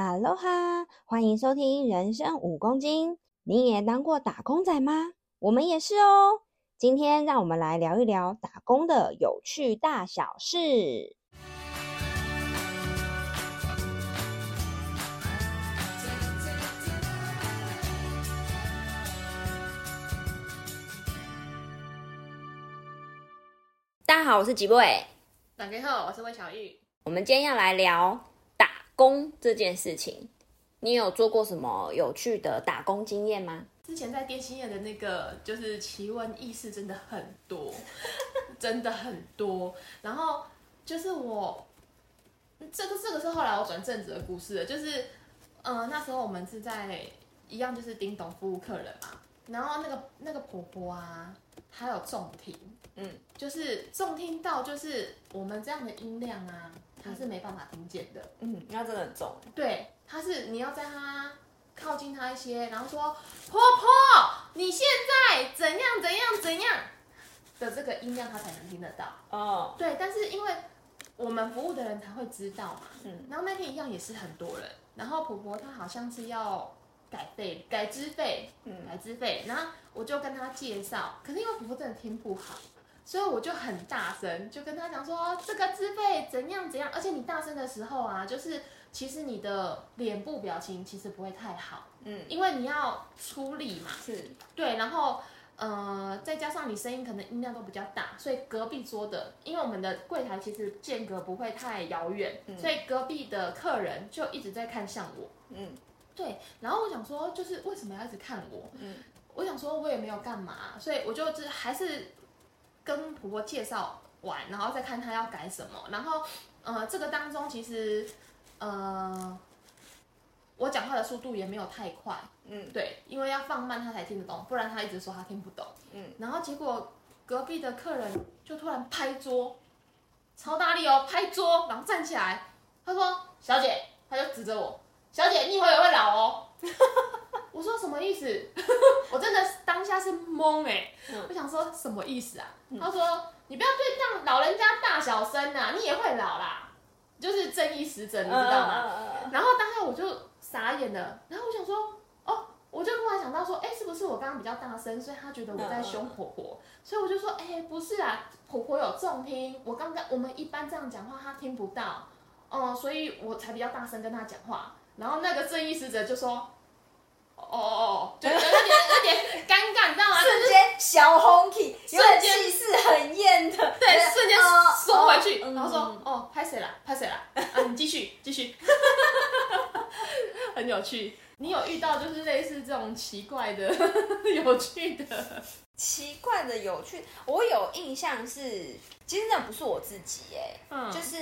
哈嘍哈，ha, 歡迎收聽《人生五公斤》。你也當過打工仔嗎？我們也是哦。今天讓我們來聊一聊打工的有趣大小事。大家好，我是吉布偉。大家好，我是魏巧玉。我們今天要來聊工這件事情，你有做過什麼有趣的打工經驗嗎？之前在電信業的那個，就是奇聞異事真的很多， 真的很多。然後就是我這個這個是後來我轉正職的故事，就是嗯、呃，那時候我們是在一樣，就是叮咚咚服務客人嘛。然後那個那個婆婆啊，她有重聽，嗯，就是重聽到就是我們這樣的音量啊。她是沒辦法聽見的，嗯，因為她真的很重。對，她是你要在她靠近她一些，然後說：“婆婆，你現在怎樣怎樣怎樣的這個音量，她才能聽得到。”哦，對，但是因為我們服務的人才會知道嘛。嗯。然後那天一樣也是很多人，然後婆婆她好像是要改費、改資費、嗯，改資費，然後我就跟她介紹，可是因為婆婆真的聽不好。所以我就很大聲，就跟他講說這個資費怎樣怎樣，而且你大聲的時候啊，就是其實你的臉部表情其實不會太好，嗯，因為你要出力嘛，是對，然後呃再加上你聲音可能音量都比較大，所以隔壁桌的，因為我們的櫃檯其實間隔不會太遙遠，嗯、所以隔壁的客人就一直在看向我，嗯，對，然後我想說就是為什麼要一直看我，嗯，我想說我也沒有幹嘛，所以我就就還是。跟婆婆介紹完，然後再看她要改什麼。然後，呃，這個當中其實，呃，我講話的速度也沒有太快，嗯，對，因為要放慢她才聽得懂，不然她一直說她聽不懂，嗯。然後結果隔壁的客人就突然拍桌，超大力哦，拍桌，然後站起來，他說：“小姐，他就指着我，小姐，你以後也會老哦。” 我說什麼意思？ 我真的當下是懵哎、欸，嗯、我想說什麼意思啊？嗯、他說：“你不要對這樣老人家大小聲吶、啊，你也會老啦，嗯、就是正義使者，你知道嗎？”啊、然後當下我就傻眼了，然後我想說：“哦，我就突然想到說，哎，是不是我剛剛比較大聲，所以他覺得我在凶婆婆？啊、所以我就說：哎，不是啊，婆婆有重聽，我剛剛我們一般這樣講話，他聽不到，哦、嗯，所以我才比較大聲跟他講話。然後那個正義使者就說。”哦哦哦，對，有點有點尷尬， 你知道嗎？瞬間小紅氣，瞬間間是很豔的，對，瞬間縮回去，嗯、然後說：“嗯、哦，拍誰啦？拍誰啦？啊，你繼續繼續，繼續 很有趣。你有遇到就是類似這種奇怪的、 有趣的、奇怪的有趣？我有印象是，其實那不是我自己哎、欸，嗯，就是。”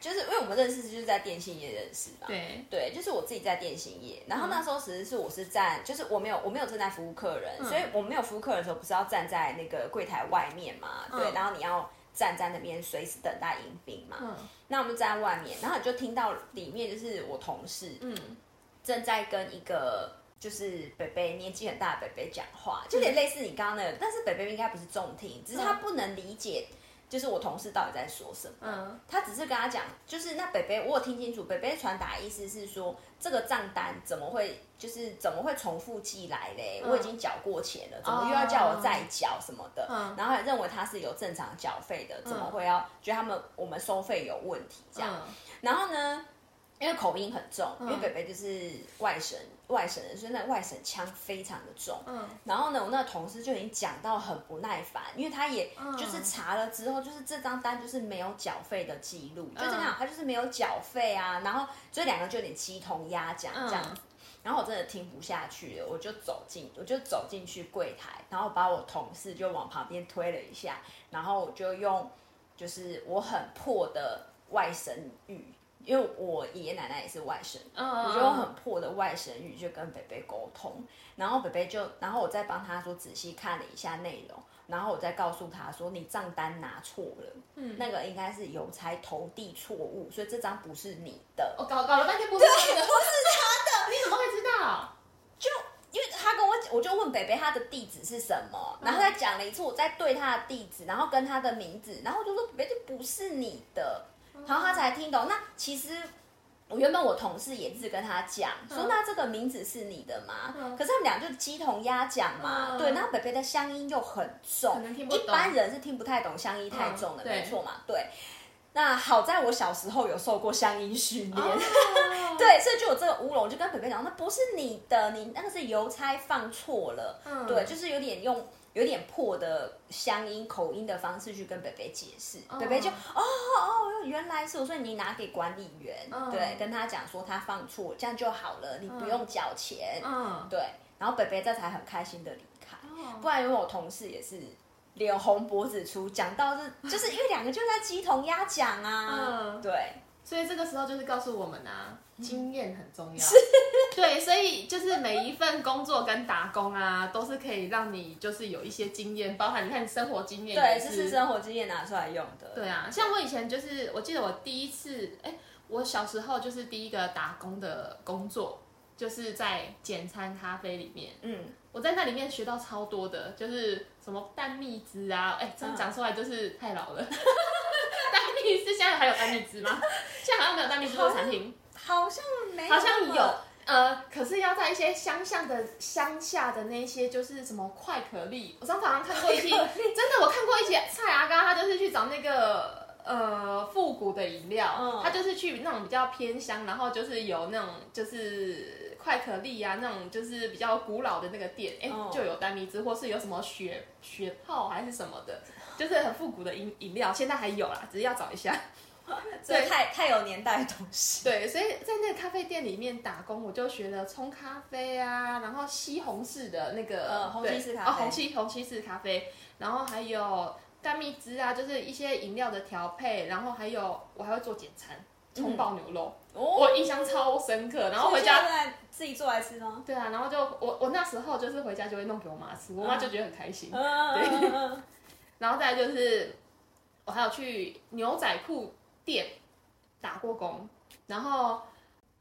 就是因為我們認識，就是在電信業認識嘛。對對，就是我自己在電信業，然後那時候其實是我是站，嗯、就是我沒有我沒有正在服務客人，嗯、所以我沒有服務客人的時候，不是要站在那個櫃檯外面嘛？嗯、對，然後你要站在那邊隨時等待迎賓嘛。嗯、那我們站在外面，然後你就聽到裡面就是我同事嗯正在跟一個就是北北年紀很大的北北講話，就有點類似你剛剛那個，嗯、但是北北應該不是重聽，只是他不能理解。就是我同事到底在說什麼？嗯，他只是跟他講，就是那北北，我有聽清楚，北北傳達的意思是說，這個賬單怎麼會就是怎麼會重複寄來嘞？嗯、我已經繳過錢了，怎麼又要叫我再繳什麼的？嗯、然後還認為他是有正常繳費的，怎麼會要覺得他們我們收費有問題這樣？嗯、然後呢？因為口音很重，因為北北就是外省、嗯、外省人，所以那外省腔非常的重。嗯，然後呢，我那個同事就已經講到很不耐煩，因為他也就是查了之後，嗯、就是這張單就是沒有繳費的記錄，就這樣、嗯、他就是沒有繳費啊。然後所以兩個就有點雞同鴨講、嗯、這樣子，然後我真的聽不下去了，我就走進我就走進去櫃檯，然後把我同事就往旁邊推了一下，然後我就用就是我很破的外省語。因為我爺爺奶奶也是外省，oh. 我就用很破的外省語就跟北北溝通，然後北北就，然後我再幫他說仔細看了一下內容，然後我再告訴他說，你賬單拿錯了，嗯，那個應該是郵差投遞錯誤，所以這張不是你的。我、oh, 搞，搞了半天不是我的。對，不是他的， 你怎麼會知道？就因為他跟我，我就問北北他的地址是什麼，oh. 然後再講了一次，我再對他的地址，然後跟他的名字，然後我就說北北就不是你的。然後他才聽懂。那其實我原本我同事也是跟他講、嗯、說，那這個名字是你的嘛？嗯、可是他們倆就雞同鴨講嘛。嗯、對，那北北的鄉音又很重，可能聽不懂，一般人是聽不太懂鄉音太重的，嗯、沒錯嘛。對，對，那好在我小時候有受過鄉音訓練，哦、 對，所以就有這個烏龍。就跟北北講，那不是你的，你那個是郵差放錯了。嗯、對，就是有點用。有點破的鄉音口音的方式去跟北北解釋，北北、oh. 就哦哦，原來是我說你拿給管理員，oh. 對，跟他講說他放錯，這樣就好了，你不用繳錢，oh. Oh. 對，然後北北這才很開心的離開。Oh. 不然有我同事也是臉紅脖子粗，講到是就是因為兩個就在雞同鴨講啊，oh. 對。所以這個時候就是告訴我們啊，經驗很重要。嗯、對，所以就是每一份工作跟打工啊，都是可以讓你就是有一些經驗，包含你看生活經驗。對，就是生活經驗拿出來用的。對啊，像我以前就是，我記得我第一次，哎、欸，我小時候就是第一個打工的工作，就是在簡餐咖啡裡面。嗯，我在那裡面學到超多的，就是什麼蛋蜜汁啊，哎、欸，這樣講出來就是太老了。嗯是現在還有丹蜜汁嗎？ 現在好像沒有丹蜜汁的產品，好像沒，好像有，呃，可是要在一些鄉下的鄉下的那些，就是什麼快可麗，我上次好像看過一期，真的，我看過一些蔡阿嘎，他就是去找那個呃復古的飲料，嗯、他就是去那種比較偏鄉，然後就是有那種就是快可麗啊，那種就是比較古老的那個店，哎、欸，嗯、就有丹蜜汁，或是有什麼雪雪泡還是什麼的。就是很複古的飲飲料，現在還有啦，只是要找一下。啊、所以對，太太有年代的東西。對，所以在那個咖啡店裡面打工，我就學了沖咖啡啊，然後虹吸式的那個，嗯、對，啊、哦，虹吸虹吸式咖啡，然後還有蛋蜜汁啊，就是一些飲料的調配，然後還有我還會做簡餐，蔥爆牛肉，嗯、我印象超深刻。然後回家現在自己做來吃嗎？對啊，然後就我我那時候就是回家就會弄給我媽吃，我媽就覺得很開心。啊、對。啊啊啊啊然後再來就是，我還有去牛仔褲店打過工，然後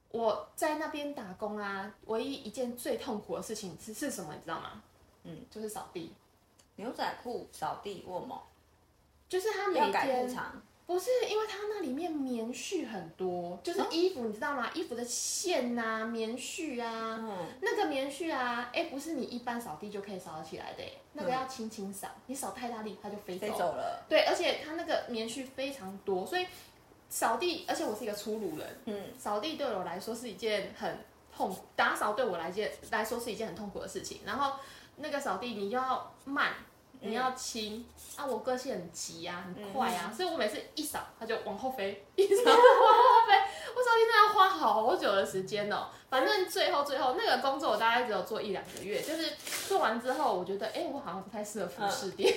我在那邊打工啊，唯一一件最痛苦的事情是是什麼，你知道嗎？嗯，就是掃地，牛仔褲掃地臥槽，某就是他沒有改褲長，不是因為它那裡面棉絮很多，就是衣服，你知道嗎？衣服的線吶、啊，棉絮啊，嗯、那個棉絮啊，哎、欸，不是你一般掃地就可以掃得起來的、欸，那個要輕輕掃，嗯、你掃太大力，它就飛走了。飛走了。對，而且它那個棉絮非常多，所以掃地，而且我是一個粗魯人，嗯，掃地對我來說是一件很痛苦，打掃對我來說來說是一件很痛苦的事情。然後那個掃地你要慢。你要輕、嗯、啊，我個性很急呀、啊，很快呀、啊、嗯、所以我每次一掃它就往後飛，一掃往後飛，我掃一次要花好，好久的時間哦。反正最後最後那個工作，我大概只有做一兩個月，就是做完之後，我覺得，哎，我好像不太適合服飾店。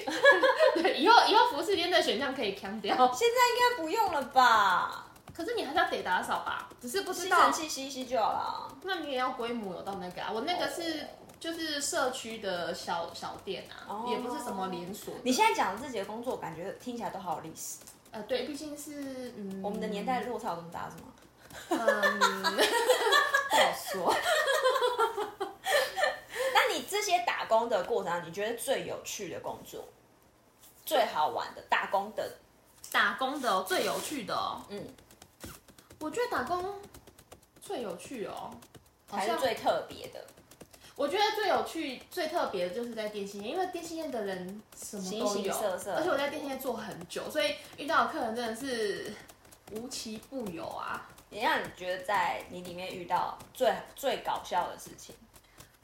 嗯、 對，以後以後服飾店的選項可以砍掉。現在應該不用了吧？可是你還是要得打掃吧？只是不知道吸塵器吸一吸就好了。那你也要規模有到那個啊？我那個是。哦就是社區的小小店啊，oh, no. 也不是什麼連鎖。你現在講的自己的工作，感覺聽起來都好有歷史、呃。對，畢竟是、嗯、我們的年代落差有這麼大，是嗎？嗯、 不好說。 那你這些打工的過程，你覺得最有趣的工作，最好玩的打工的，打工的、哦、最有趣的哦。嗯，我覺得打工最有趣哦，才才是像最特別的。我覺得最有趣、最特別的就是在電信，因為電信業的人什麼都有，洗洗色色而且我在電信做很久，所以遇到的客人真的是無奇不有啊。也讓你覺得在你裡面遇到最最搞笑的事情，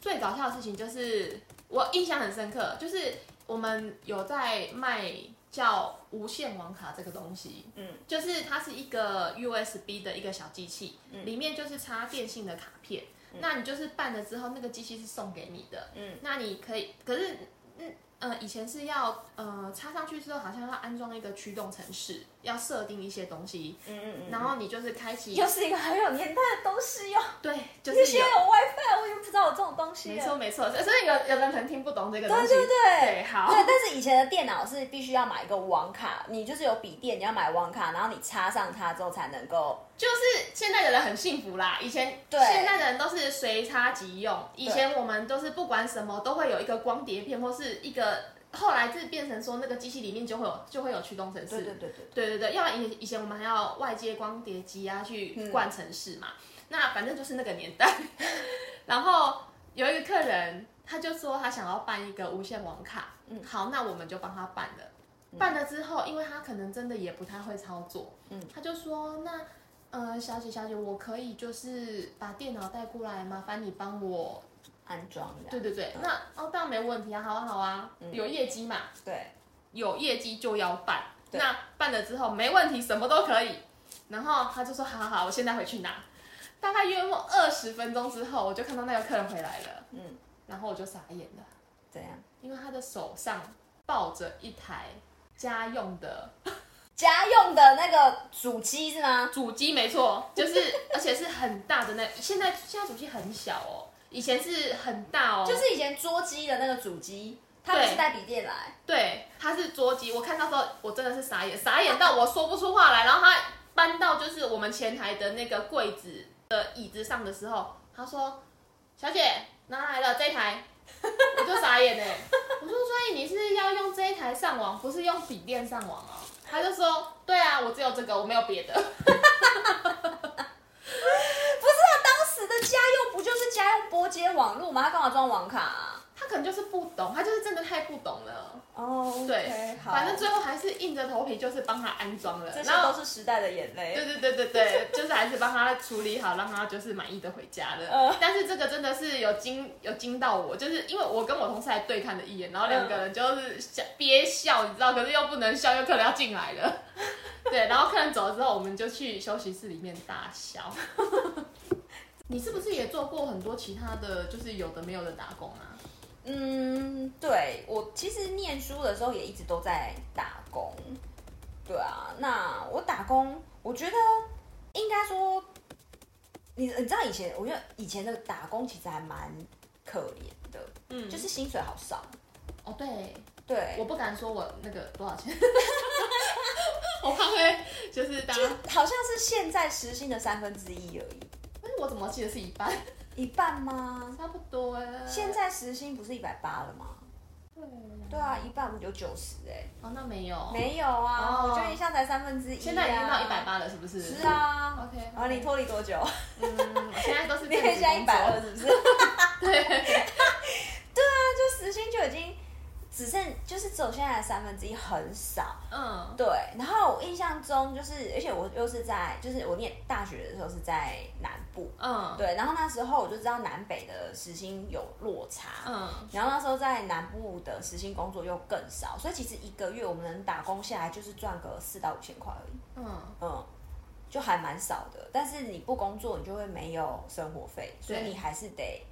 最搞笑的事情就是我印象很深刻，就是我們有在賣叫無線網卡這個東西，嗯，就是它是一個 USB 的一個小機器，嗯，裡面就是插電信的卡片。那你就是辦了之後，那個機器是送給你的。嗯，那你可以，可是，嗯呃，以前是要呃插上去之後，好像要安裝一個驅動程式，要設定一些東西。嗯嗯嗯。嗯然後你就是開啟，就是一個很有年代的東西喲，哦。對，就是。以前有 WiFi，我也不知道有這種東西。沒錯沒錯，所以有有的人可能聽不懂這個東西。對對對對，對好。對，但是以前的電腦是必須要買一個網卡，你就是有筆電，你要買網卡，然後你插上它之後才能夠。就是現在的人很幸福啦，以前對現在的人都是隨插即用，以前我們都是不管什麼都會有一個光碟片或是一個，後來就變成說那個機器裡面就會有就會有驅動程式，對對對對對、對、對、對，要以以前我們還要外接光碟機啊去灌程式嘛，嗯、那反正就是那個年代。 然後有一個客人，他就說他想要辦一個無線網卡，嗯，好，那我們就幫他辦了。嗯、辦了之後，因為他可能真的也不太會操作，嗯，他就說那。呃、嗯，小姐，小姐，我可以就是把電腦帶過來，麻煩你幫我安裝一下。對對對，嗯、那哦，當然沒問題啊，好啊，好啊，嗯、有業績嘛，對，有業績就要辦，對那辦了之後沒問題，什麼都可以。然後他就說，好好好，我現在回去拿。大概約莫二十分鐘之後，我就看到那個客人回來了，嗯，然後我就傻眼了，怎樣？因為他的手上抱着一台家用的。家用的那個主機是嗎？主機沒錯，就是，而且是很大的那。現在現在主機很小哦，以前是很大哦。就是以前桌機的那個主機，他不是帶筆電來。對，他是桌機。我看到的時候我真的是傻眼，傻眼到我說不出話來。 然後他搬到就是我們前台的那個櫃子的椅子上的時候，他說：“小姐，拿來了這一台。” 我就傻眼哎，我說：“所以你是要用這一台上網，不是用筆電上網啊？”他就說：“對啊，我只有這個，我沒有別的。” 不是他、啊、當時的家用不就是家用撥接網絡嗎？他幹嘛裝網卡啊？他可能就是不懂，他就是真的太不懂了哦。Oh, okay, 對，好反正最後還是硬着頭皮就是幫他安裝了，然後都是時代的眼淚。對對對對對， 就是還是幫他處理好，讓他就是滿意的回家了。Uh, 但是這個真的是有驚有驚到我，就是因為我跟我同事還對看了一眼，然後兩個人就是憋笑，你知道，可是又不能笑，又可能要進來了。 對，然後客人走了之後，我們就去休息室裡面大笑。 你是不是也做過很多其他的就是有的沒有的打工啊？嗯，對我其實念書的時候也一直都在打工，對啊，那我打工，我覺得應該說，你你知道以前，我覺得以前的打工其實還蠻可憐的，嗯，就是薪水好少，哦，對對，我不敢說我那個多少錢，我 怕會就是大家就好像是現在時薪的三分之一而已，但是我怎麼記得是一半？一半嗎？差不多耶，現在時薪不是一百八了嗎？對、嗯。對啊，一半不就九十哎？哦，那沒有。沒有啊，哦、我覺得一下才三分之一。啊、現在已經到一百八了，是不是？是啊。嗯、okay, OK。啊，你脫離多久？嗯，現在都是。你現在一百二十了，是不是？ 對。 對啊，就時薪就已經。只剩就是只有現在的三分之一很少，嗯，對。然後我印象中就是，而且我又是在，就是我念大學的時候是在南部，嗯，對。然後那時候我就知道南北的時薪有落差，嗯。然後那時候在南部的時薪工作又更少，所以其實一個月我們能打工下來就是賺個四到五千塊而已，嗯嗯，就還蠻少的。但是你不工作，你就會沒有生活費，對所以你還是得。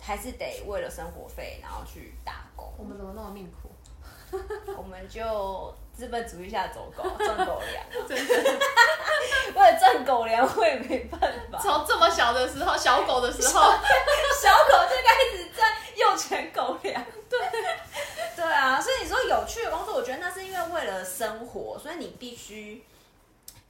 還是得為了生活費，然後去打工。我們怎麼那麼命苦？ 我們就資本主義下走狗，掙狗糧， 真的，為了掙狗糧，我也沒辦法。從這麼小的時候，小狗的時候，小， 小狗就開始掙幼犬狗糧。對， 對啊。所以你說有趣的工作，我覺得那是因為為了生活，所以你必須。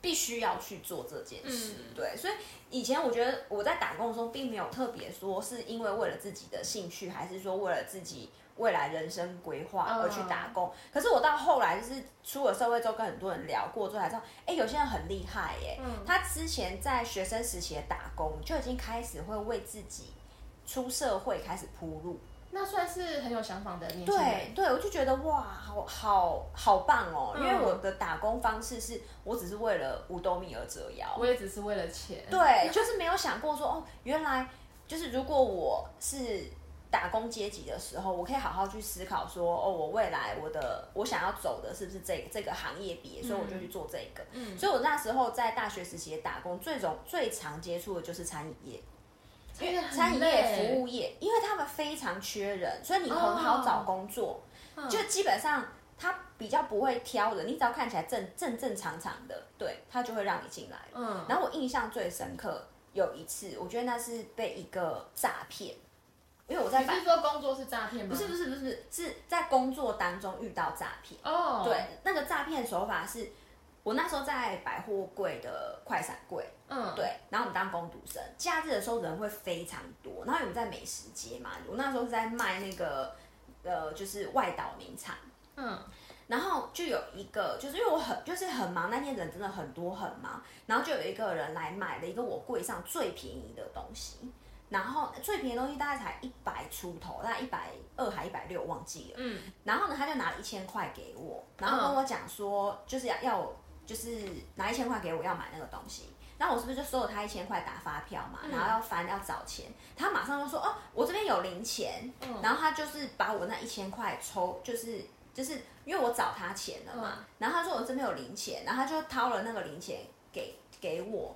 必須要去做這件事，嗯、對，所以以前我覺得我在打工的時候，並沒有特別說是因為為了自己的興趣，還是說為了自己未來人生規劃而去打工。哦、可是我到後來就是出了社會之後，跟很多人聊過之後才知道，哎、欸，有些人很厲害、耶，哎、嗯，他之前在學生時期的打工就已經開始會為自己出社會開始鋪路。那算是很有想法的年輕人。對對，我就覺得哇，好好好棒哦！嗯、因為我的打工方式是我只是為了五斗米而折腰，我也只是為了錢。對，就是沒有想過說哦，原來就是如果我是打工階級的時候，我可以好好去思考說哦，我未來我的我想要走的是不是這個、這個行業別，比所以我就去做這個。嗯，所以我那時候在大學時期打工最容最常接觸的就是餐飲業。因為餐飲業、服務業，因為他們非常缺人，所以你很好找工作。Oh. 就基本上他比較不會挑人，oh. 你只要看起來正正正常常的，對，他就會讓你進來。嗯，oh. 然後我印象最深刻有一次，我覺得那是被一個詐騙，因為我在你是說工作是詐騙嗎？不是不是不是，是在工作當中遇到詐騙哦。Oh. 對，那個詐騙的手法是。我那時候在百貨櫃的快閃櫃，嗯，對，然後我們當工讀生，假日的時候人會非常多，然後我們在美食街嘛，我那時候是在賣那個呃，就是外島名產，嗯，然後就有一個，就是因為我很就是很忙，那天人真的很多，很忙，然後就有一個人來買了一個我櫃上最便宜的東西，然後最便宜的東西大概才一百出頭，大概一百二還一百六，忘記了，嗯，然後呢，他就拿了一千塊給我，然後跟我講說，嗯，就是要要我。就是拿一千塊給我要買那個東西，然後我是不是就收了他一千塊打發票嘛？然後要翻要找錢，他馬上就說：“哦，我這邊有零錢。”嗯，然後他就是把我那一千塊抽，就是就是因為我找他錢了嘛，然後他說我這邊有零錢，然後他就掏了那個零錢給給我，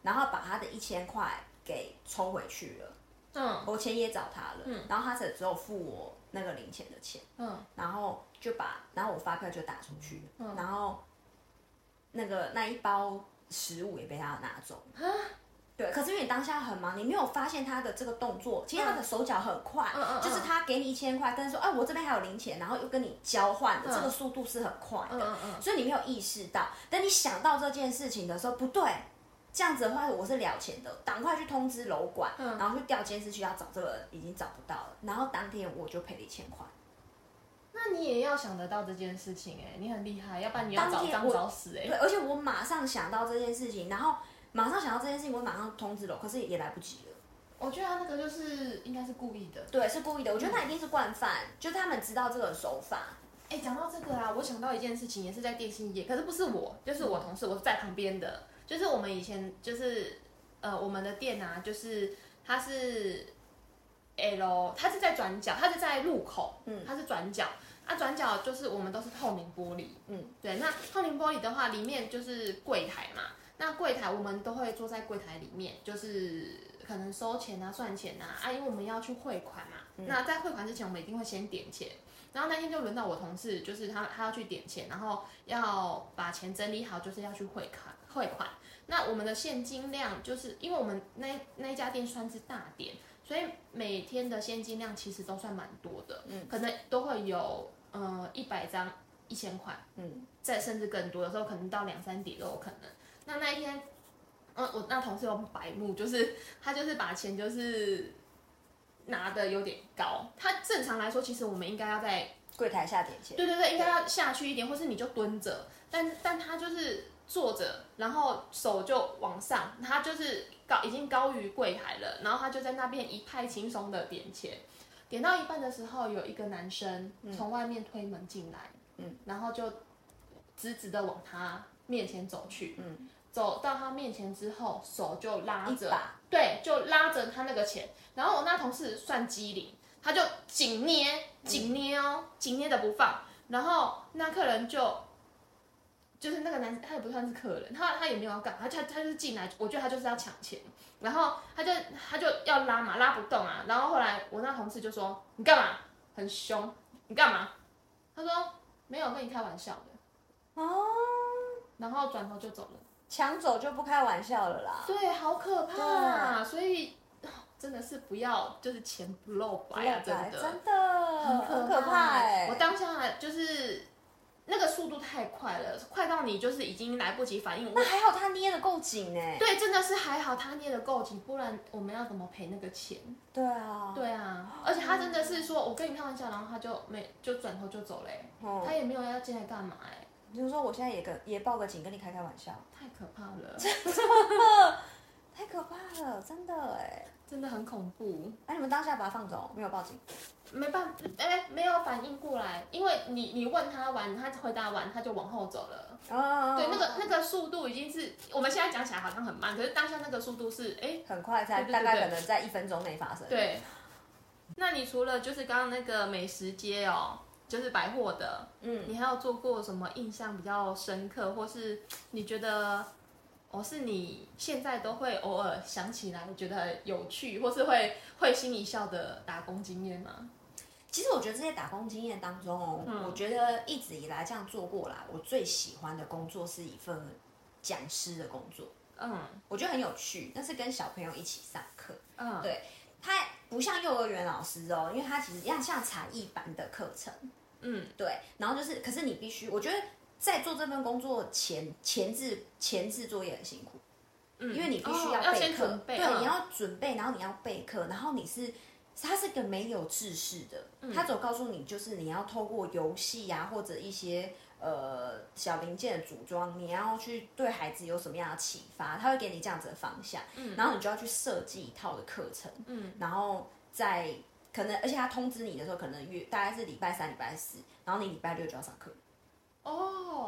然後把他的一千塊給抽回去了。嗯，我錢也找他了。嗯，然後他才只有付我那個零錢的錢。嗯，然後就把然後我發票就打出去了。然後。那個那一包食物也被他拿走，蛤對。可是因為你當下很忙，你沒有發現他的這個動作，其實他的手腳很快，嗯、就是他給你一千塊，但是、嗯嗯嗯、說哎、欸、我這邊還有零錢，然後又跟你交換的，嗯、這個速度是很快的，嗯嗯嗯、所以你沒有意識到。等你想到這件事情的時候，不對，這樣子的話我是了錢的，趕快去通知樓管，嗯、然後去調監視器要找這個人，已經找不到了。然後當天我就賠了一千塊。那你也要想得到這件事情哎、欸，你很厲害，要不然你要早髒早死哎、欸。對，而且我馬上想到這件事情，然後馬上想到這件事情，我馬上通知了，可是也來不及了。我覺得他那個就是應該是故意的，對，是故意的。我覺得他一定是慣犯，嗯、就是他們知道這個手法。哎、欸，講到這個啊，我想到一件事情，也是在電信業，可是不是我，就是我同事，嗯、我是在旁邊的，就是我們以前就是呃我們的店啊，就是它是 L，它是在轉角，它是在路口，嗯，它是轉角。啊、那轉角就是我們都是透明玻璃，嗯，對。那透明玻璃的話，裡面就是櫃檯嘛。那櫃檯我們都會坐在櫃檯裡面，就是可能收錢啊、算錢啊啊，因為我們要去匯款嘛。嗯、那在匯款之前，我們一定會先點錢。然後那天就輪到我同事，就是他他要去點錢，然後要把錢整理好，就是要去匯款匯款。那我們的現金量，就是因為我們那那一家店算是大店，所以每天的現金量其實都算蠻多的，嗯，可能都會有。呃，一百張一千塊，嗯，再甚至更多，有時候可能到兩三疊都有可能。那那一天，嗯、呃，我那同事有白目，就是他就是把錢就是拿的有點高。他正常來說，其實我們應該要在櫃檯下點錢。對對對，應該要下去一點，對對對或是你就蹲着。但但他就是坐着，然後手就往上，他就是高已經高於櫃檯了，然後他就在那邊一派輕鬆的點錢。點到一半的時候，有一個男生從外面推門進來，嗯，然後就直直的往他面前走去，嗯，走到他面前之後，手就拉着，把對，就拉着他那個錢，然後我那同事算機靈，他就緊捏，緊捏哦，嗯、緊捏得不放，然後那客人就。就是那個男，他也不算是客人，他他也沒有要幹，他他他就是進來，我覺得他就是要搶錢，然後他就他就要拉嘛，拉不動啊，然後後來我那同事就說你幹嘛很凶，你幹嘛？他說沒有跟你開玩笑的哦，然後轉頭就走了，搶走就不開玩笑了啦。對，好可怕，對所以真的是不要就是錢不露白啊，啊對對真的真的很可怕。可怕欸，我當下還就是。那個速度太快了，快到你就是已經來不及反應。那還好他捏得夠緊哎、欸。對，真的是還好他捏得夠緊，不然我們要怎麼賠那個錢？對啊，對啊，而且他真的是說、嗯、我跟你開玩笑，然後他就沒就轉頭就走了、欸，哦、他也沒有要進來幹嘛哎、欸。就是說我現在也跟也報個警跟你開開玩笑，太可怕了，真的。 太可怕了，真的哎，真的很恐怖。哎、啊，你們當下把它放走，沒有報警？沒辦法，哎、欸，沒有反應過來，因為你你問他完，他回答完，他就往後走了。啊、oh. 對，那個那個速度已經是我們現在講起來好像很慢，可是當下那個速度是哎、欸、很快在，才大概可能在一分鐘內發生。對，那你除了就是剛剛那個美食街哦，就是百貨的，嗯，你還有做過什麼印象比較深刻，或是你覺得？我、哦、是你現在都會偶爾想起來覺得有趣，或是會會心一笑的打工經驗嗎？其實我覺得這些打工經驗當中，嗯、我覺得一直以來這樣做過來，我最喜歡的工作是一份講師的工作。嗯，我覺得很有趣，但是跟小朋友一起上課。嗯，對，他不像幼兒園老師哦、喔，因為他其實一樣像才藝班的課程。嗯，對，然後就是，可是你必須，我覺得。在做這份工作前，前置前置作業很辛苦，嗯，因為你必須要、哦、備課，準備，對，嗯、你要準備，然後你要備課，然後你是他是一個沒有制式的，他、嗯、總告訴你就是你要透過遊戲呀或者一些呃小零件的組裝，你要去對孩子有什麼樣的啟發，他會給你這樣子的方向，嗯，然後你就要去設計一套的課程，嗯，然後在可能而且他通知你的時候，可能約大概是禮拜三、禮拜四，然後你禮拜六就要上課。哦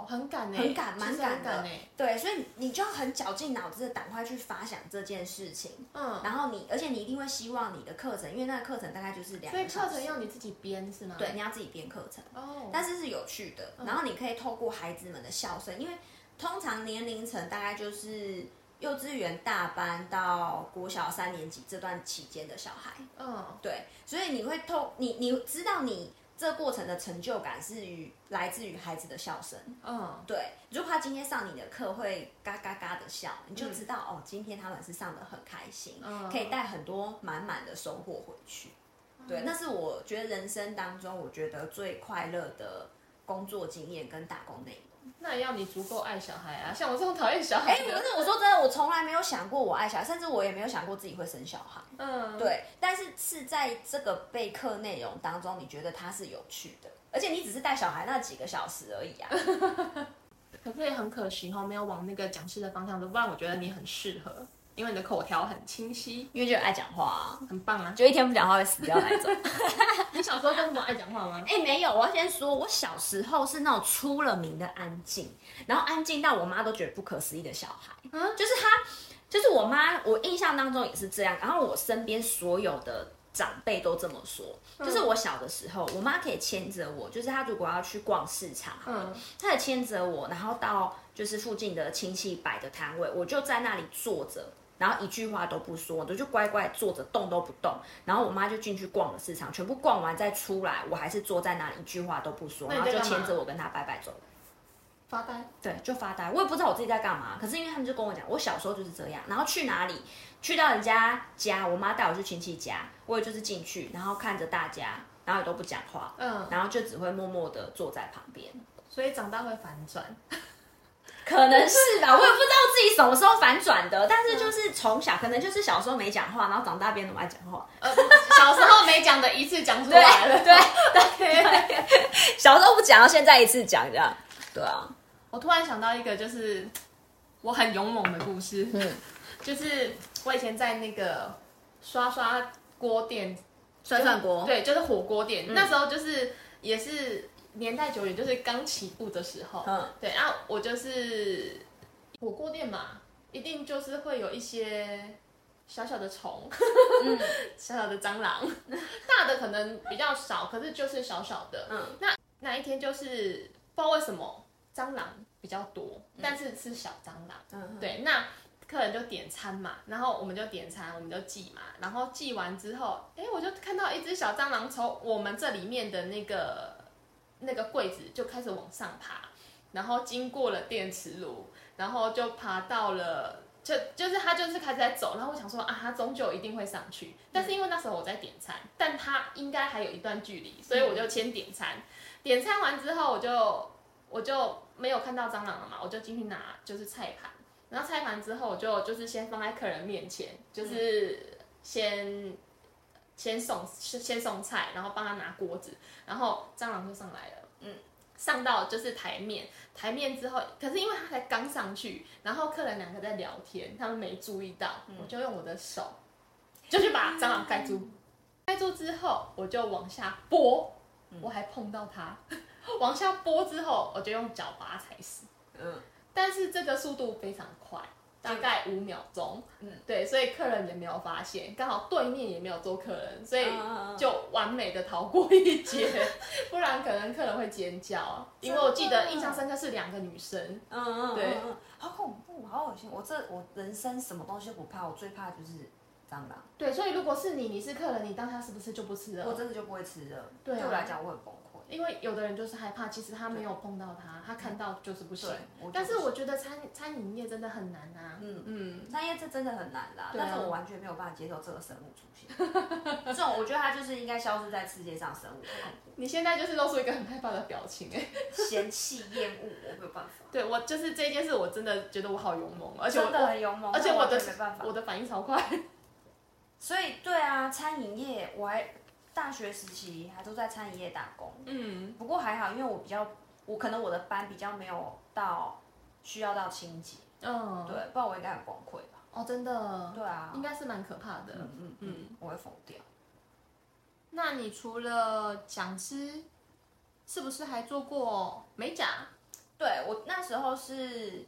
，oh, 很趕恩、欸，很趕，蠻趕的恩。欸、對，所以你就要很絞盡腦汁的趕快去發想這件事情。嗯，然後你，而且你一定會希望你的課程，因為那個課程大概就是兩。所以課程要你自己編是嗎？對，你要自己編課程。哦，oh, 但是是有趣的，然後你可以透過孩子們的笑聲，因為通常年齡層大概就是幼稚園大班到國小三年級這段期間的小孩。嗯，對，所以你會透，你你知道你。這過程的成就感是與來自於孩子的笑聲。嗯，對，如果他今天上你的課會嘎嘎嘎嘎的笑，你就知道、嗯、哦，今天他們是上得很開心，嗯、可以帶很多滿滿的收穫回去。嗯、對，那是我覺得人生當中我覺得最快樂的工作經驗跟打工內容。那也要你足夠愛小孩啊，像我這種討厭小孩。哎、欸，不是，我說真的，我從來沒有想過我愛小孩，甚至我也沒有想過自己會生小孩。嗯，對，但是是在這個備課內容當中，你覺得它是有趣的，而且你只是帶小孩那幾個小時而已啊。 可是也很可惜哈、哦，沒有往那個講師的方向走。不然我覺得你很適合。因為你的口條很清晰，因為就愛講話、啊，很棒啊！就一天不講話會死掉來着。 你小時候就那麼愛講話嗎？哎、欸，沒有，我要先說，我小時候是那種出了名的安靜，然後安靜到我媽都覺得不可思議的小孩。嗯，就是他，就是我媽，我印象當中也是這樣。然後我身邊所有的長輩都這麼說，就是我小的時候，我媽可以牽着我，就是她如果要去逛市場，嗯，她也牽着我，然後到就是附近的親戚擺的攤位，我就在那裡坐着。然後一句話都不說，我就乖乖坐着，動都不動。然後我媽就進去逛了市場，全部逛完再出來，我還是坐在那裡，一句話都不說。然後就牽着我跟她拜拜走。發呆。對，就發呆。我也不知道我自己在幹嘛。可是因為他們就跟我講，我小時候就是這樣。然後去哪裡，去到人家家，我媽帶我去親戚家，我也就是進去，然後看着大家，然後也都不講話。嗯。然後就只會默默地坐在旁邊。所以長大會反轉。可能是吧、啊，是我也不知道自己什麼時候反轉的，嗯、但是就是從小，可能就是小時候沒講話，然後長大變得愛講話、呃。小時候沒講的一次講出來了， 對對，對，對 小時候不講，到現在一次講一下，對啊。我突然想到一個，就是我很勇猛的故事，嗯，就是我以前在那個刷刷鍋店涮涮鍋，就鍋對，就是火鍋店，嗯、那時候就是也是。年代久遠，就是剛起步的時候。嗯，對，然後我就是火鍋店嘛，一定就是會有一些小小的蟲，嗯、 小小的蟑螂，大的可能比較少，可是就是小小的。嗯，那那一天就是不知道為什麼蟑螂比較多，但是吃小蟑螂。嗯，對，那客人就點餐嘛，然後我們就點餐，我們就記嘛，然後記完之後，哎、欸，我就看到一隻小蟑螂從我們這裡面的那個。那個櫃子就開始往上爬，然後經過了電磁爐，然後就爬到了，就就是它就是開始在走。然後我想說啊，它終究一定會上去。但是因為那時候我在點餐，但它應該還有一段距離，所以我就先點餐。嗯、點餐完之後，我就我就沒有看到蟑螂了嘛，我就進去拿就是菜盤。然後菜盤之後，我就就是先放在客人面前，就是先。先送先送菜，然後幫他拿鍋子，然後蟑螂就上來了，嗯，上到就是台面台面之後，可是因為他才剛上去，然後客人兩個在聊天，他們沒注意到，嗯、我就用我的手，就去把蟑螂蓋住，嗯、蓋住之後我就往下撥，嗯、我還碰到它，往下撥之後我就用腳把它踩死，嗯，但是這個速度非常快。大概五秒鐘，是嗯，對，所以客人也沒有發現，剛好對面也沒有坐客人，所以就完美的逃過一劫。嗯、不然可能客人會尖叫，的因為我記得印象深刻是兩個女生，嗯嗯，對嗯嗯嗯，好恐怖，好惡心，我這我人生什麼東西不怕，我最怕的就是蟑螂。對，所以如果是你，你是客人，你當下是不是就不吃了？我真的就不會吃了。對、啊、就我來講我很瘋。因為有的人就是害怕，其實他沒有碰到他，他看到就是不行。但是我覺得餐餐飲業真的很難啊。嗯嗯，餐飲業真的很難啦。但是我完全沒有辦法接受這個生物出現。這種我覺得它就是應該消失在世界上，生物。你現在就是露出一個很害怕的表情哎，嫌棄厭惡，我沒有辦法。對，我就是這件事，我真的覺得我好勇猛，而且我很勇猛，而且我的我的反應超快。所以對啊，餐飲業我還。大學時期還都在餐飲業打工，嗯，不過還好，因為我比較，我可能我的班比較沒有到需要到清潔，嗯，對，不然我應該很崩潰吧？哦，真的，對啊，應該是蠻可怕的，嗯嗯，嗯，我會瘋掉。那你除了講師，是不是還做過美甲？對，我那時候是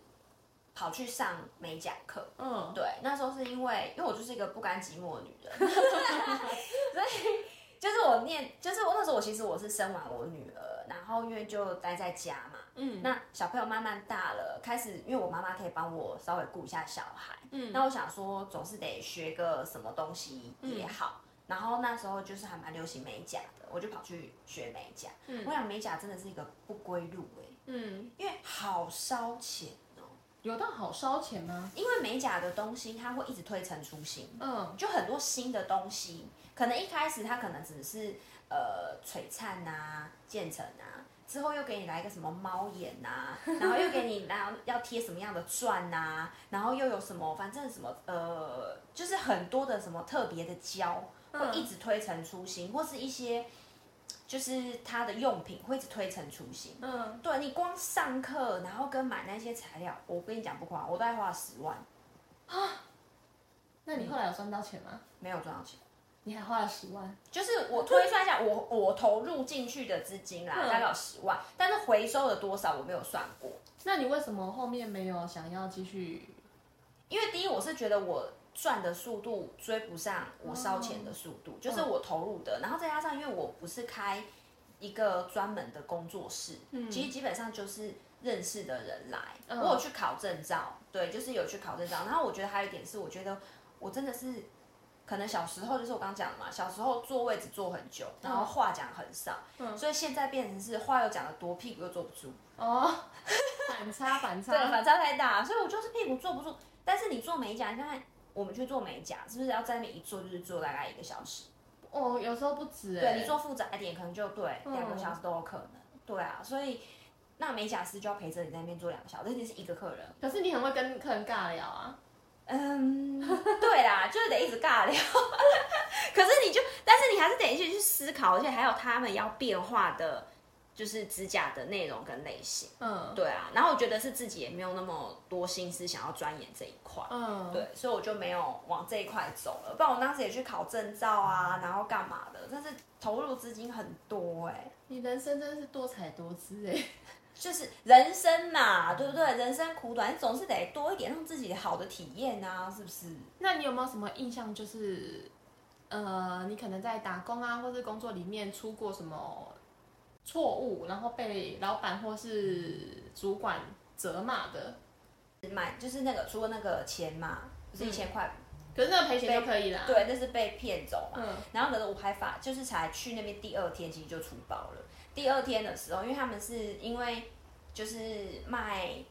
跑去上美甲課，嗯，對，那時候是因為因為我就是一個不甘寂寞的女人， 所以。就是我念，就是我那時候我其實我是生完我女兒，然後因為就待在家嘛，嗯，那小朋友慢慢大了，開始因為我媽媽可以幫我稍微顧一下小孩，嗯，那我想說總是得學個什麼東西也好，嗯、然後那時候就是還蠻流行美甲的，我就跑去學美甲，嗯，我想美甲真的是一個不歸路哎、欸，嗯，因為好燒錢哦、喔，有到好燒錢嗎？因為美甲的東西它會一直推陳出新，嗯，就很多新的東西。可能一開始他可能只是呃璀璨吶、啊、漸層啊，之後又給你來一個什麼貓眼吶、啊，然後又給你然後要貼什麼樣的鑽吶、啊， 然後又有什麼反正什麼呃，就是很多的什麼特別的膠、嗯、會一直推陳出新，或是一些就是他的用品會一直推陳出新。嗯，對你光上課，然後跟買那些材料，我跟你講不誇張我大概花了十萬啊。那你後來有賺到錢嗎？嗯、沒有賺到錢。你還花了十萬，就是我推算一下，嗯、我我投入進去的資金啦，大概有十萬，嗯、但是回收了多少我沒有算過。那你為什麼後面沒有想要繼續？因為第一，我是覺得我賺的速度追不上我燒錢的速度，哦、就是我投入的，嗯、然後再加上因為我不是開一個專門的工作室，嗯、其實基本上就是認識的人來，嗯、我有去考證照，對，就是有去考證照，然後我覺得還有一點是，我覺得我真的是。可能小時候就是我剛剛講的嘛，小時候坐位置坐很久，然後話講很少，嗯嗯、所以現在變成是話又講得多，屁股又坐不住哦，反差反差， 對，反差太大，所以我就是屁股坐不住。但是你做美甲，你看我們去做美甲，是不是要在那一坐就是坐大概一個小時？哦，有時候不止、欸。對，你做複雜一點，可能就對、嗯、兩個小時都有可能。對啊，所以那美甲師就要陪着你在那邊坐兩個小時，而且是，是一個客人。可是你很會跟客人尬聊啊。嗯，um, 對啦，就是得一直尬聊， 可是你就，但是你還是得一直去思考，而且還有他們要變化的，就是指甲的內容跟類型，嗯，對啊，然後我覺得是自己也沒有那麼多心思想要鑽研這一塊，嗯，對，所以我就沒有往這一塊走了。不然我當時也去考證照啊，然後幹嘛的，但是投入資金很多哎，欸，你人生真的是多彩多姿哎，欸。就是人生嘛，對不對？人生苦短，總是得多一點讓自己好的體驗啊，是不是？那你有沒有什麼印象？就是，呃，你可能在打工啊，或者工作裡面出過什麼錯誤，然後被老闆或是主管責罵的？買，就是那個出了那個錢嘛，就是一千塊，可是那個賠錢就可以啦。對，那是被騙走嘛。嗯。然後，可是我還法就是才去那邊第二天，其實就出包了。第二天的時候，因為他們是因為就是賣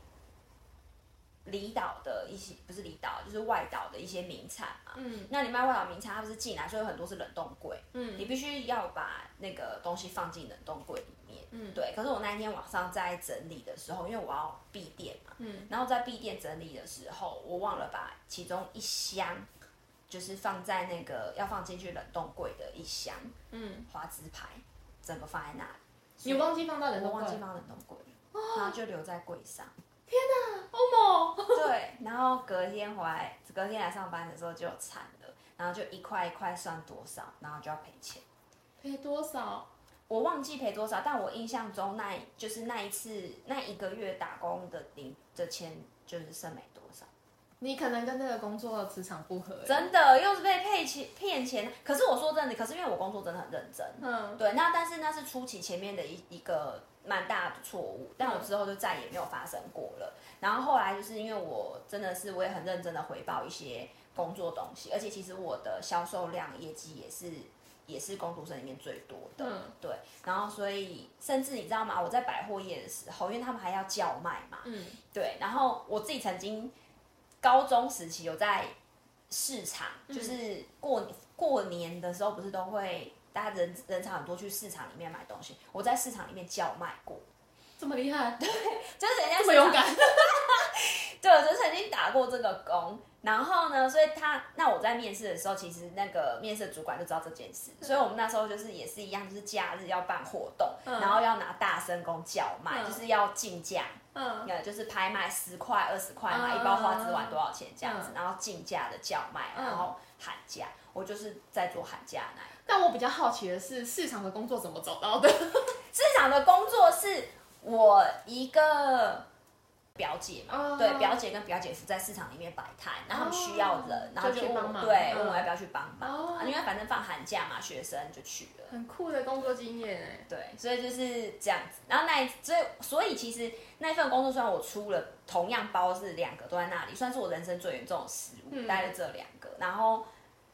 離島的一些，不是離島，就是外島的一些名產嘛。嗯。那你賣外島名產，它不是進來，所以有很多是冷凍櫃。嗯。你必須要把那個東西放進冷凍櫃裡面。嗯。對。可是我那一天晚上在整理的時候，因為我要閉店嘛。嗯。然後在閉店整理的時候，我忘了把其中一箱，就是放在那個要放進去冷凍櫃的一箱，嗯，花枝牌，整個放在那裡。你忘記放到冷凍忘記放到冷凍櫃了，哦、然後就留在櫃上。天哪、啊、哦， 對，然後隔天回來，隔天來上班的時候就慘了，然後就一塊一塊算多少，然後就要賠錢。賠多少？我忘記賠多少，但我印象中那就是那一次那一個月打工的零的錢就是剩沒。你可能跟那個工作的磁場不合，真的又是被騙錢，騙錢。可是我說真的，可是因為我工作真的很認真，嗯，對。那但是那是初期前面的一一個蠻大的錯誤，但我之後就再也沒有發生過了。嗯、然後後來就是因為我真的是我也很認真的回報一些工作東西，而且其實我的銷售量業績也是也是工讀生裡面最多的，嗯，對。然後所以甚至你知道嗎？我在百貨業的時候，因為他們還要叫賣嘛，嗯，對。然後我自己曾經。高中時期有在市場，就是過年過年的時候，不是都會大家人人潮很多去市場裡面買東西。我在市場裡面叫賣過，這麼厲害？對，就是人家不勇敢。 對，就曾經打過這個工，然後呢，所以他那我在面試的時候，其實那個面試主管就知道這件事，嗯、所以我們那時候就是也是一樣，就是假日要辦活動，嗯、然後要拿大聲公叫賣，嗯、就是要競價。 嗯，就是拍賣十塊、二十塊嘛，一包花枝丸多少錢這樣子，嗯、然後競價的叫賣，然後喊價，嗯、我就是在做喊價。但我比較好奇的是，市場的工作怎麼找到的？ 市場的工作是我一個。表姐嘛，oh. 對，表姐跟表姐夫在市場裡面擺攤，然後他們需要人，oh. 然後就問就幫忙、啊、對，問我們要不要去幫忙、啊？Oh. 因為反正放寒假嘛，學生就去了。很酷的工作經驗哎、欸。對，所以就是這樣子。然後那一所以所以其實那一份工作雖然我出了同樣包，是兩個都在那裡，算是我人生最嚴重的失誤，帶了、嗯、這兩個。然後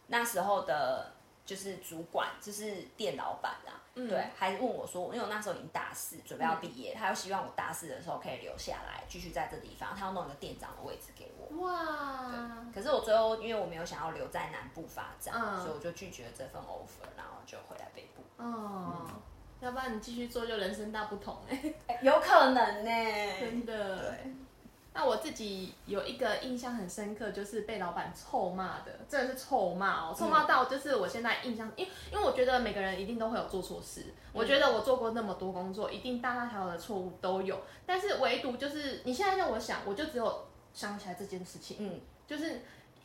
那時候的，就是主管就是店老板啊。嗯、對，還是問我說，因為我那時候已經大四，準備要畢業，嗯、他又希望我大四的時候可以留下來繼續在這地方，他要弄一個店長的位置給我。哇！對，可是我最後因為我沒有想要留在南部發展，嗯、所以我就拒絕了這份 offer，然後就回來北部。哦、嗯，嗯、要不然你繼續做就人生大不同哎、欸， 有可能呢、欸，真的、欸。那我自己有一個印象很深刻，就是被老闆臭罵的，真的是臭罵哦，臭罵到就是我現在印象，嗯、因因為我覺得每個人一定都會有做錯事，嗯、我覺得我做過那麼多工作，一定大大小小的錯誤都有，但是唯獨就是你現在讓我想，我就只有想起來這件事情，嗯，就是。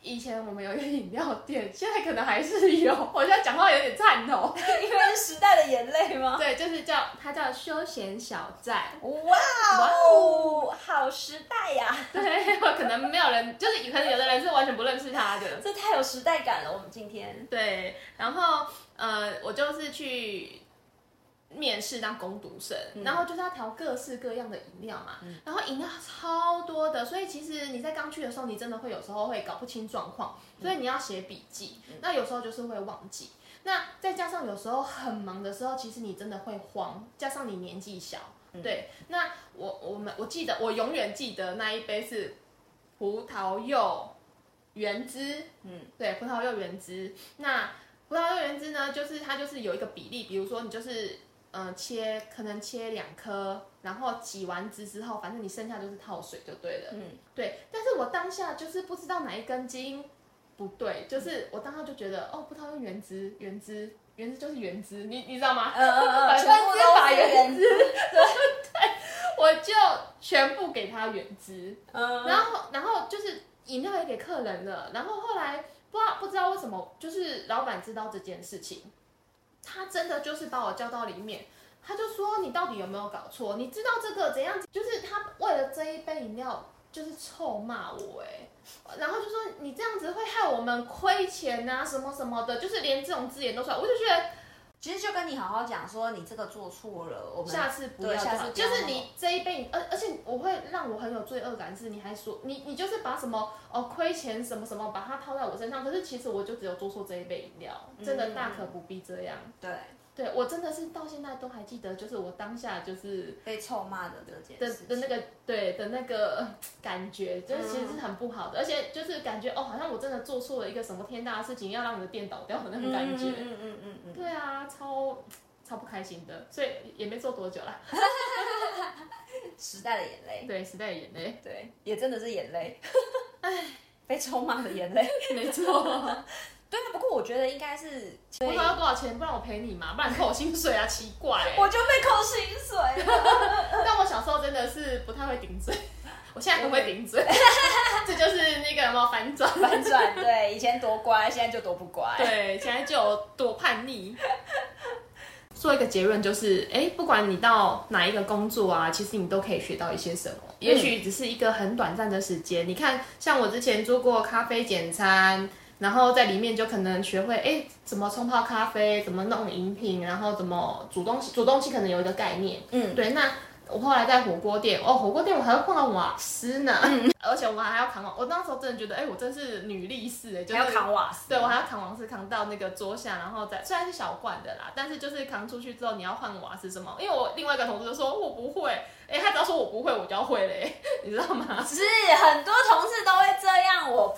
以前我們有一個飲料店，現在可能還是有。我現在講話有點顫抖， 因為時代的眼淚嗎？對，就是叫它叫休閒小站。哇哦，好時代呀、啊！對，我可能沒有人，就是可能有的人是完全不認識它的。 這太有時代感了，我們今天。對，然後呃，我就是去。面試當工讀生，嗯、然後就是要調各式各樣的飲料嘛，嗯、然後飲料超多的，所以其實你在剛去的時候，你真的會有時候會搞不清狀況，嗯、所以你要寫筆記，嗯、那有時候就是會忘記，嗯、那再加上有時候很忙的時候，其實你真的會慌，加上你年紀小，嗯、對，那我我們我，我記得我永遠記得那一杯是葡萄柚原汁，嗯，對，葡萄柚原汁，那葡萄柚原汁呢，就是它就是有一個比例，比如說你就是。嗯，切可能切兩顆，然後擠完汁之後，反正你剩下就是泡水就對了。嗯，對。但是我當下就是不知道哪一根筋不對，嗯、就是我當下就覺得，哦，葡萄用原汁，原汁，原汁就是原汁，你你知道嗎？百分之百原汁。 對，我就全部給他原汁，呃、然後然後就是飲料也給客人了，然後後來不知道不知道為什麼，就是老闆知道這件事情。他真的就是把我叫到裡面，他就說你到底有沒有搞錯？你知道這個怎樣？就是他為了這一杯飲料，就是臭罵我哎，然後就說你這樣子會害我們虧錢啊，什麼什麼的，就是連這種字眼都出來，我就覺得。其實就跟你好好講，說你這個做錯了，我們下次不要，對，下次就是你這一杯，而而且我會讓我很有罪惡感是，你還說你你就是把什麼哦虧錢什麼什麼，把它套在我身上，可是其實我就只有做錯這一杯飲料，真的大可不必這樣。嗯嗯、對。對，我真的是到現在都還記得，就是我當下就是被臭罵的這件事的，的那個對的那個感覺，就是其實是很不好的，嗯、而且就是感覺哦，好像我真的做錯了一個什麼天大的事情，要讓你的店倒掉，的那種感覺。嗯嗯嗯，嗯，嗯對啊，超超不開心的，所以也沒做多久啦。 時代的眼淚，對，時代的眼淚，對，也真的是眼淚， 哎，被臭罵的眼淚，沒錯。 對，不過我覺得應該是我說要多少錢，不然我賠你嘛，不然扣我薪水啊，奇怪，欸， 我就被扣薪水。 但我小時候真的是不太會頂嘴，我現在不會頂嘴，我會 這就是那個有沒有反轉？反轉，對，以前多乖，現在就多不乖，對，現在就有多叛逆。做 一個結論就是，哎，欸，不管你到哪一個工作啊，其實你都可以學到一些什麼，嗯、也許只是一個很短暫的時間。你看，像我之前做過咖啡簡餐。然後在裡面就可能學會，哎，怎麼沖泡咖啡，怎麼弄飲品，然後怎麼煮東西，煮東西可能有一個概念。嗯，對。那我後來在火鍋店，哦，火鍋店我還要碰到瓦斯呢。嗯。而且我們還要扛瓦，我那時候真的覺得，哎，我真是女力士哎，就是要扛瓦斯。對，我還要扛瓦斯，扛到那個桌下，然後再雖然是小罐的啦，但是就是扛出去之後你要換瓦斯什麼？因為我另外一個同事就說我不會，哎，他只要說我不會，我就要會嘞，你知道嗎？是，很多同事都會。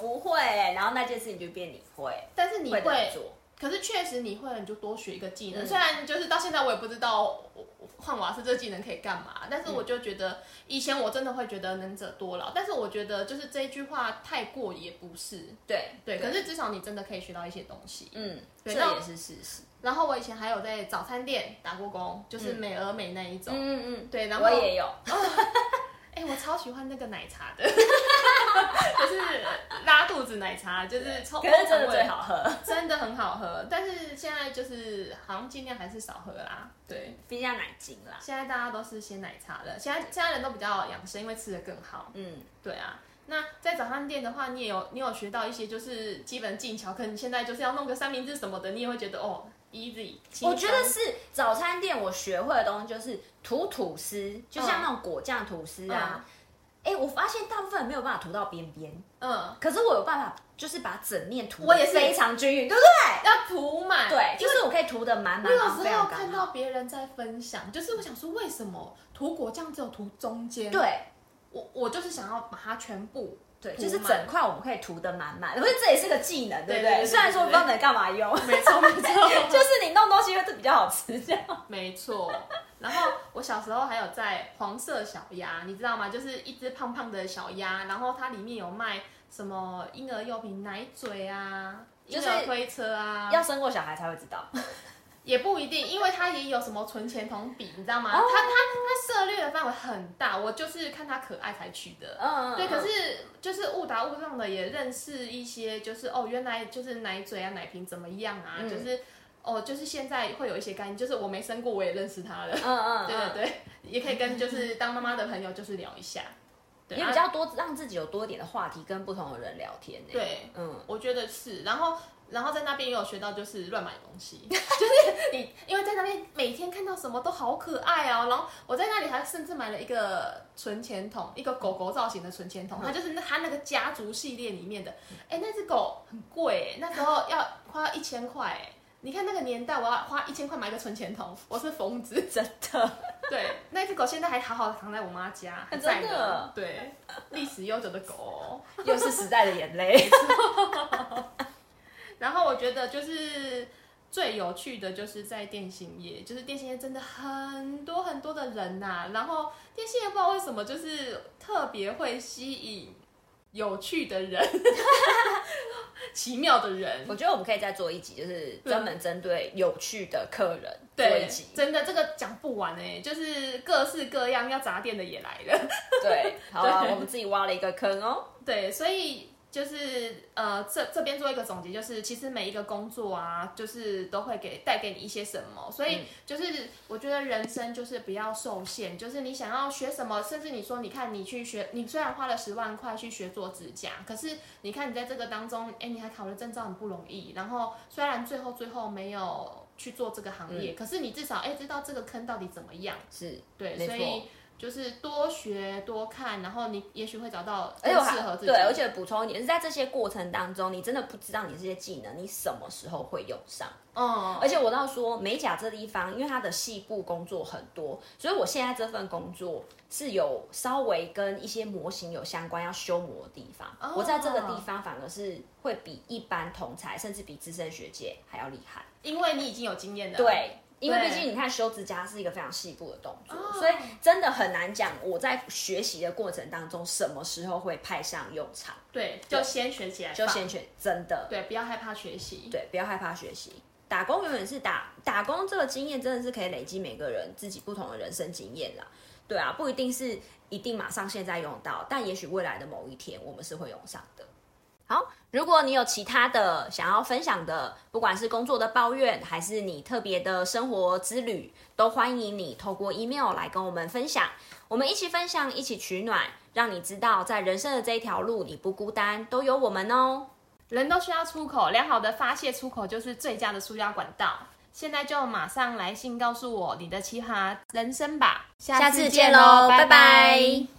不會，然後那件事情就變你會，但是你會做，可是確實你會了，你就多學一個技能。雖然就是到現在我也不知道換瓦斯這技能可以幹嘛，但是我就覺得以前我真的會覺得能者多勞，但是我覺得就是這一句話太過也不是，對對。可是至少你真的可以學到一些東西，嗯，這也是事實。然後我以前還有在早餐店打過工，就是美而美那一種，嗯嗯，對，然後我也有。哎、欸，我超喜歡那個奶茶的，可 是拉肚子奶茶對就是衝，是真的最好喝，哦，真的很好喝。 但是現在就是好像儘量還是少喝啦，對，比較奶精啦。現在大家都是鮮奶茶的，現在現在人都比較養生，因為吃得更好。嗯，對啊。那在早餐店的話，你也有你有學到一些就是基本技巧，可能現在就是要弄個三明治什麼的，你也會覺得哦。Easy，我覺得是早餐店我學會的東西就是塗吐司，就像那種果醬吐司啊。哎、嗯嗯欸，我發現大部分沒有辦法塗到邊邊，嗯，可是我有辦法，就是把整面塗，我也是非常均勻，對不對？要塗滿，對，因為就是我可以塗得滿滿。有沒有看到別人在分享，就是我想說，為什麼塗果醬只有塗中間？對。我我就是想要把它全部對，就是整塊我們可以塗得滿滿，對不是，這也是個技能，對,對不對？對對對對雖然說不知道能幹嘛用。沒錯沒錯，沒錯 就是你弄東西會比較好吃，這樣。沒錯。然後我小時候還有在黃色小鴨，你知道嗎？就是一只胖胖的小鴨，然後它裡面有賣什麼嬰兒用品、奶嘴啊、就嬰兒推車啊，要生過小孩才會知道。也不一定，因為他也有什麼存錢筒比，你知道嗎？Oh. 他他他涉獵的範圍很大，我就是看他可愛才取的。嗯，嗯嗯。對，可是就是誤打誤撞的也認識一些，就是哦，原來就是奶嘴啊、奶瓶怎麼樣啊，嗯、就是哦，就是現在會有一些概念，就是我沒生過我也認識他了。嗯，嗯嗯。對對對，也可以跟就是當媽媽的朋友就是聊一下， 對也比較多讓自己有多一點的話題跟不同的人聊天。對，嗯，我覺得是，然後。然後在那邊也有學到，就是亂買東西，就是你 因為在那邊每天看到什麼都好可愛哦、啊。然後我在那裡還甚至買了一個存錢筒，一個狗狗造型的存錢筒，它就是那、嗯、它那個家族系列裡面的。哎、欸，那隻狗很貴、欸，那時候要花一千塊、欸。哎，你看那個年代，我要花一千塊買個存錢筒，我是瘋子，真的。 對，那隻狗現在還好好的藏在我媽家，還在，很讚的，對，歷史悠久的狗，又是時代的眼淚。 然後我覺得就是最有趣的就是在電信業，就是電信業真的很多很多的人吶、啊。然後電信業不知道為什麼就是特別會吸引有趣的人， 奇妙的人。我覺得我們可以再做一集，就是專門針對有趣的客人做一集。對，對，真的這個講不完哎，就是各式各樣要砸店的也來了。 對，好，對我們自己挖了一個坑哦。對，所以。就是呃，這這邊做一個總結，就是其實每一個工作啊，就是都會給帶給你一些什麼。所以就是我覺得人生就是不要受限，嗯、就是你想要學什麼，甚至你說你看你去學，你雖然花了十萬塊去學做指甲，可是你看你在這個當中，哎，你還考了證照，很不容易。然後雖然最後最後沒有去做這個行業，嗯、可是你至少哎知道這個坑到底怎麼樣。是，對，沒錯。所以。就是多學多看，然後你也許會找到更適合自己的。對，而且補充，一點是在這些過程當中，你真的不知道你這些技能你什麼時候會用上。嗯，而且我倒說美甲這地方，因為它的細部工作很多，所以我現在這份工作是有稍微跟一些模型有相關要修模的地方。哦，我在這個地方反而是會比一般同才，甚至比資深學姐還要厲害，因為你已經有經驗了。對。因為畢竟你看修指甲是一個非常細部的動作，對，所以真的很難講我在學習的過程當中什麼時候會派上用場。對，就先學起來。就先學，真的。對，不要害怕學習。對，不要害怕學習。對，不要害怕學習。打工永遠是打，打工這個經驗真的是可以累積每個人自己不同的人生經驗啦。對啊，不一定是一定馬上現在用到，但也許未來的某一天我們是會用上的。好，如果你有其他的想要分享的，不管是工作的抱怨，還是你特別的生活之旅，都歡迎你透過 email 來跟我們分享。我們一起分享，一起取暖，讓你知道在人生的這一條路，你不孤單，都有我們哦。人都需要出口，良好的發洩出口就是最佳的紓壓管道。現在就馬上來信告訴我你的奇葩人生吧，下次見嘍，見咯拜拜。拜拜。